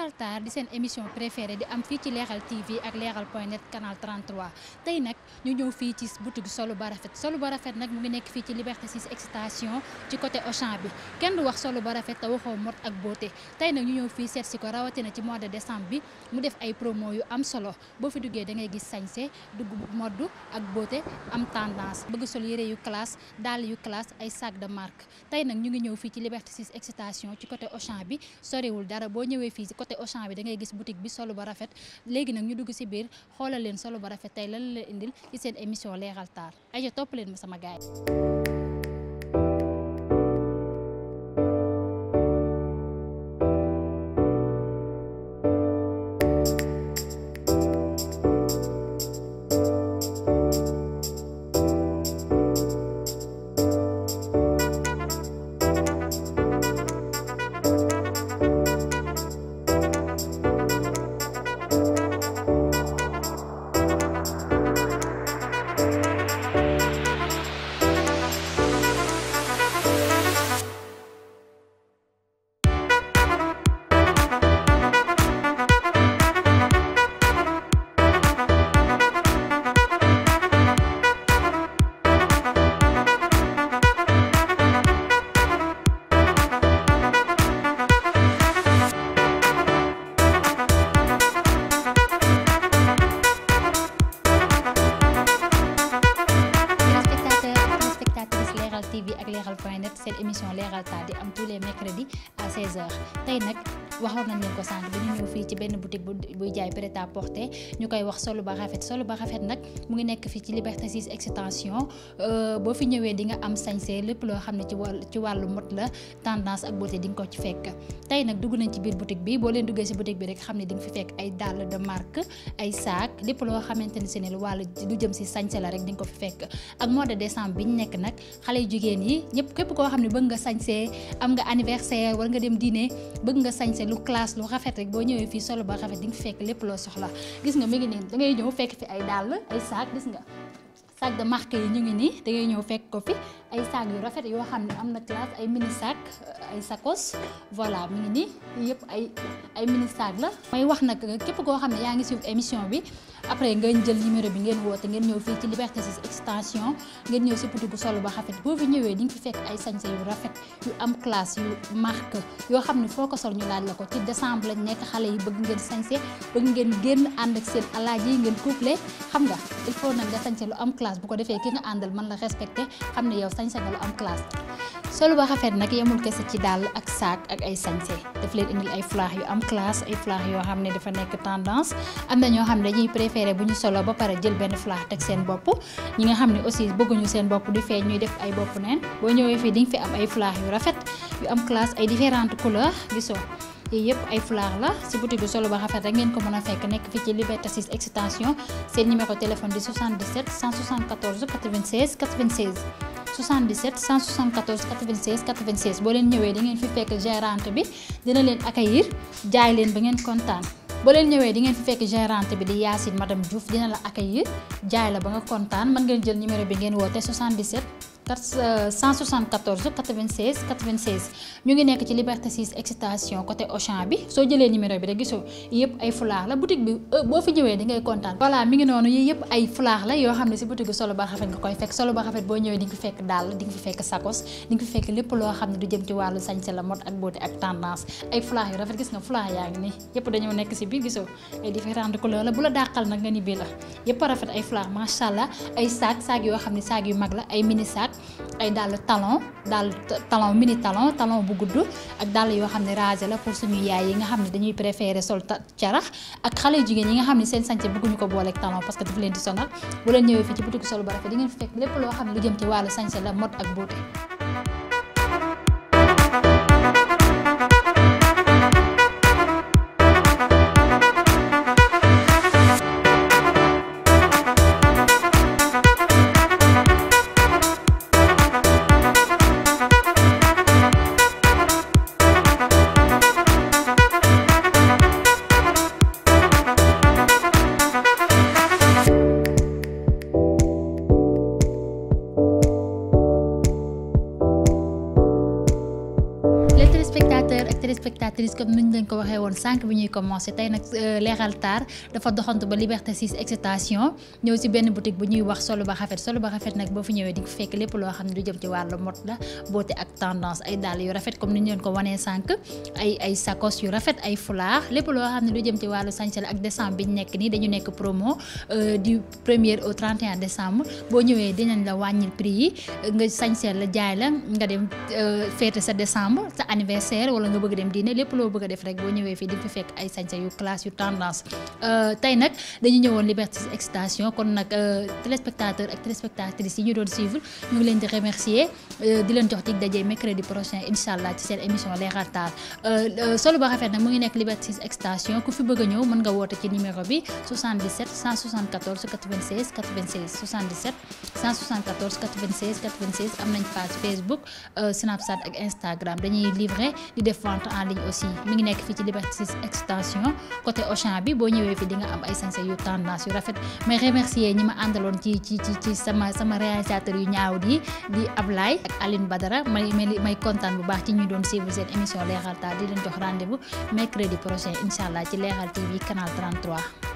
leeral taar di seen émission préférée di am fii ci leeral TV ak leeral point net canal 33 tey nag ñu ñëw fii ci boutique solu ba rafet solo ba rafet nag mu ngi nekk fii ci Liberté 6 extension ci côté Auchan bi kenn du wax solu ba rafet te waxoo mode ak beauté tey nag ñu ñëw fii seet si ko rawatina ci mois de décembre bi mu def ay promo yu am solo boo fi duggee da ngay gis sañse dugg mode ak beauté am tendance bëgg sol yére yu classe dàll yu classe ay sac de marque tey nag ñu ngi ñëw fii ci Liberté 6 ci côté Auchan bi soriwul dara boo ñëwee fii ci côté côté Auchan bi da ngay gis boutique bi solo ba rafet léegi nag ñu dugg si biir xoolal leen solo ba rafet tey lan la indil ci seen émission leexal taal aja topp leen ma sama gaay Sénégal Star di am tous les mercredis à 16h tey nag waxoon nañ leen ko sànq bi ñu ñëw fii ci benn boutique bu buy jaay prêt à porter ñu koy wax solu ba rafet solu ba rafet nag mu ngi nekk fii ci Liberté 6 extension euh, boo fi ñëwee di nga am sañsee lépp loo xam ne ci wàll ci wàllu mot la tendance ak beauté di nga ko tey nag dugg nañ ci biir boutique bi boo leen duggee si boutique bi rek xam ne di nga fi fekk ay dàll de marque lépp loo xamante ne si ne wàllu lu jëm si sañse la rek di ko fi fekk ak mois de décembre bi ñu nekk nag xale yu jigéen yi ñëpp képp koo xam ne bëgg nga sañsee am nga anniversaire war nga dem dîner bëgg nga sañse lu classe lu rafet rek boo ñëwee fii solo ba rafet di nga fekk lépp loo soxla gis nga mi ngi nii dangay ngay ñëw fekk fi ay dàll ay saak gis nga sac de marque yi ñu ngi nii dangay ñëw fekk ko fi ay saag yu rafet yoo xam ne am na classe ay mini sac ay sakos voilà mi ngi nii yëpp ay ay mini sac la. may wax nag képp koo xam ne yaa ngi suivre émission bi après ngeen jël numéro bi ngeen woote ngeen ñëw fii ci Liberté 6 extension ngeen ñëw si boutique solu ba rafet boo fi ñëwee di nga fi fekk ay sañse yu rafet yu am classe yu marque yoo xam ne foo ko sol ñu laaj la ko ci décembre lañ nekk xale yi bëgg ngeen sañse bëgg ngeen génn ànd ak seen alaaj yi ngeen couplé xam nga il faut nag nga sañse lu am classe bu ko defee ki àndal mën la respecté xam ne yow sañse nga lu am classe solo ba xafet nag yemul kese ci dàll ak saak ak ay sañse daf leen indil ay flaax yu am classe ay flaax yoo xam ne dafa nekk tendance am na ñoo xam ne dañuy préféré bu ñu solo ba pare jël benn flaax teg seen bopp ñi nga xam ne aussi bëgguñu seen bopp di feeñ ñuy def ay bopp neen boo ñëwee fii di fi am ay flaax yu rafet yu am classe ay différentes couleurs gisoo yii yëpp ay flaax la si boutique bi solo ba rafet rek ngeen ko mën 77 174 96 96 boo leen ñëwee da fi fekk gérante bi dina leen accueillir jaay leen ba ngeen kontaan. boo leen ñëwee di ngeen fi fekk gérante bi di Yacine madame Diouf dina la accueillir jaay la ba nga kontaan mën ngeen jël numéro bi ngeen woote 77 174 96 96 ñu ngi nekk ci Liberté 6 extension côté Auchan bi soo jëlee numéro bi rek gisoo yëpp ay foulard la boutique bi euh, boo fi ñëwee di kontaan voilà mi ngi noonu yii yëpp ay foulard la yoo xam ne si boutique bi solo ba rafet nga koy fekk solo ba rafet boo ñëwee di fi fekk dàll di fi fekk sakos di fi fekk yaa bi gisoo ay différentes couleurs la bu la dàqal nag nga ni bii la yëpp rafet ay fleurs macha ay saag saag yoo xam ne saag yu mag la ay mini saag ay dàll talon dàll talon mini talon talon bu gudd ak dàll yoo xam ne rasé la pour suñu yaay yi nga xam ne dañuy préférer sol carax ak xale yu jigéen yi nga xam ne seen sañse bëgguñu ko boole ak talon parce que leen di sonal bu leen ñëwee fii ci boutique Sol bu Rafet di ngeen fekk lépp loo xam lañ ko waxee woon sànq bi ñuy commencé tey nag euh, leeral taar dafa doxantu ba Liberté 6 excitation ñëw ci benn boutique bu ñuy wax solo ba rafet solo ba rafet nag boo fi ñëwee di fekk lépp loo xam ne du jëm ci wàllu mode la beauté ak tendance ay dàll yu rafet comme ko wanee sànq ay ay sakos yu rafet ay foulard lépp loo xam ne du jëm ci wàllu sañsel ak décembre bi ñu nekk nii dañu nekk promo euh, du premier au 31 décembre boo ñëwee dinañ la wàññil prix yi nga sañsel la jaay la nga dem euh, fête sa décembre sa anniversaire wala nga bëgg dem diine lépp loo bëgg def rek boo ñëwee fii di fi fekk ay sañse yu classe yu tendance euh, tey nag dañu ñëwoon Liberté Extension kon nag euh, téléspectateur ak téléspectatrices yi ñu doon suivre ñu ngi leen di remercier euh, di leen jox dig daje mercredi prochain incha allah ci seen émission Leral Taar solo ba rafet nag mu ngi nekk Liberté Extension ku fi bëgg a ñëw mën nga woote ci numéro bi am nañ page Facebook Snapchat ak Instagram dañuy livrer di def vente en ligne aussi mi ngi nekk nekk fii ci Liberté 6 extension côté Auchan bi boo ñëwee fi dinga am ay sañse yu tendance yu rafet mais remercier ñi ma àndaloon ci ci ci ci sama sama réalisateur yu ñaaw di di Ablaye ak Aline Badara may may kontaan bu baax ci ñu doon suivre seen émission Leral Tar di leen jox rendez-vous mercredi prochain incha allah ci Leral TV canal 33